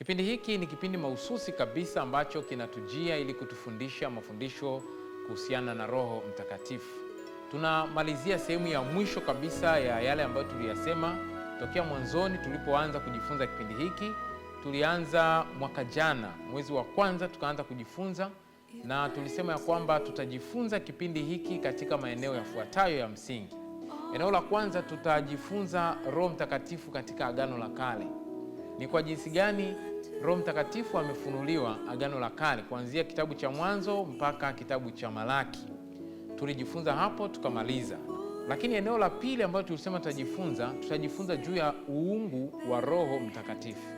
Kipindi hiki ni kipindi mahususi kabisa ambacho kinatujia ili kutufundisha mafundisho kuhusiana na Roho Mtakatifu. Tunamalizia sehemu ya mwisho kabisa ya yale ambayo tuliyasema tokea mwanzoni tulipoanza kujifunza kipindi hiki. Tulianza mwaka jana mwezi wa kwanza, tukaanza kujifunza na tulisema ya kwamba tutajifunza kipindi hiki katika maeneo yafuatayo ya msingi. Eneo la kwanza, tutajifunza Roho Mtakatifu katika Agano la Kale ni kwa jinsi gani Roho Mtakatifu amefunuliwa Agano la Kale, kuanzia kitabu cha Mwanzo mpaka kitabu cha Malaki. Tulijifunza hapo tukamaliza, lakini eneo la pili ambalo tulisema tutajifunza, tutajifunza juu ya uungu wa Roho Mtakatifu.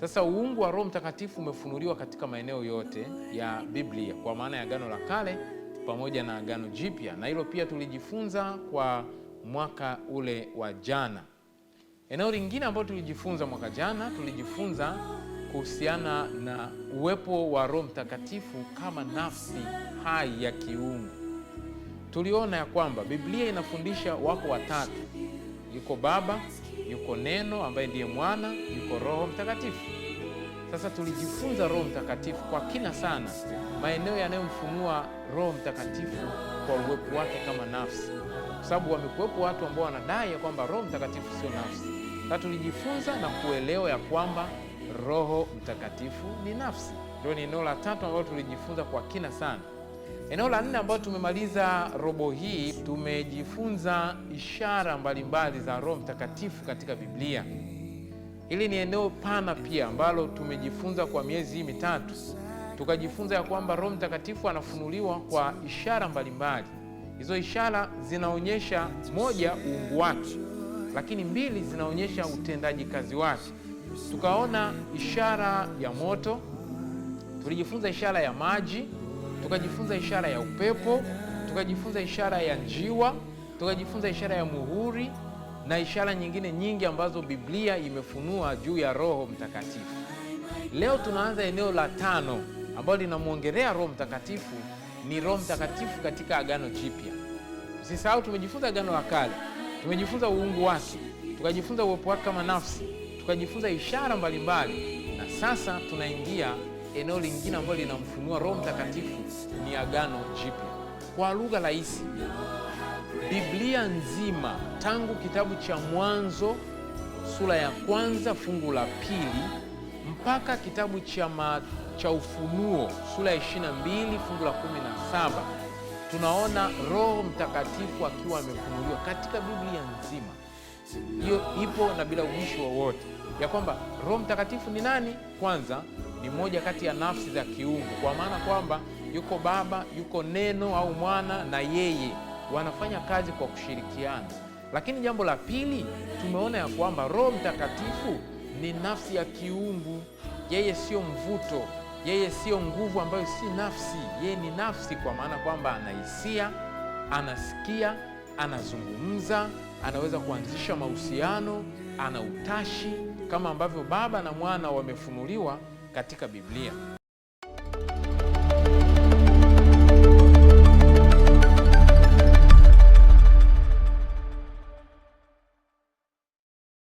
Sasa uungu wa Roho Mtakatifu umefunuliwa katika maeneo yote ya Biblia, kwa maana ya Agano la Kale pamoja na Agano Jipya, na hilo pia tulijifunza kwa mwaka ule wa jana. Eneo lingine ambalo tulijifunza mwaka jana, tulijifunza kuhusiana na uwepo wa Roho Mtakatifu kama nafsi hai ya kiungu. Tuliona ya kwamba Biblia inafundisha wako watatu, yuko Baba, yuko Neno ambaye ndiye Mwana, yuko Roho Mtakatifu. Sasa tulijifunza Roho Mtakatifu kwa kina sana, maeneo yanayomfunua Roho Mtakatifu kwa uwepo wake kama nafsi kwa sababu wamekuwepo watu ambao wanadai ya kwamba Roho Mtakatifu sio nafsi. Sasa tulijifunza na kuelewa ya kwamba Roho Mtakatifu ni nafsi. Ndio ni eneo la tatu ambalo tulijifunza kwa kina sana. Eneo la nne ambalo tumemaliza robo hii, tumejifunza ishara mbalimbali za Roho Mtakatifu katika Biblia. Hili ni eneo pana pia ambalo tumejifunza kwa miezi hii mitatu, tukajifunza ya kwamba Roho Mtakatifu anafunuliwa kwa ishara mbalimbali mbali. Hizo ishara zinaonyesha moja, uungu wake, lakini mbili, zinaonyesha utendaji kazi wake. Tukaona ishara ya moto, tulijifunza ishara ya maji, tukajifunza ishara ya upepo, tukajifunza ishara ya njiwa, tukajifunza ishara ya muhuri na ishara nyingine nyingi ambazo Biblia imefunua juu ya Roho Mtakatifu. Leo tunaanza eneo la tano ambalo linamwongelea Roho Mtakatifu ni Roho Mtakatifu katika Agano Jipya. Usisahau, tumejifunza Agano la Kale, tumejifunza uungu wake, tukajifunza uwepo wake kama nafsi, tukajifunza ishara mbalimbali, na sasa tunaingia eneo lingine ambalo linamfunua Roho Mtakatifu, ni Agano Jipya. Kwa lugha rahisi, Biblia nzima tangu kitabu cha Mwanzo sura ya kwanza fungu la pili mpaka kitabu cha, cha Ufunuo sura ya 22 fungu la 17 tunaona Roho Mtakatifu akiwa amefunuliwa katika Biblia nzima. Hiyo ipo na bila ubishi wowote, ya kwamba Roho Mtakatifu ni nani? Kwanza ni moja kati ya nafsi za kiungu, kwa maana kwamba yuko Baba, yuko Neno au Mwana na yeye wanafanya kazi kwa kushirikiana. Lakini jambo la pili tumeona ya kwamba Roho Mtakatifu ni nafsi ya kiungu. Yeye siyo mvuto, yeye siyo nguvu ambayo si nafsi. Yeye ni nafsi, kwa maana kwamba anahisia anasikia, anazungumza, anaweza kuanzisha mahusiano, ana utashi, kama ambavyo Baba na Mwana wamefunuliwa katika Biblia.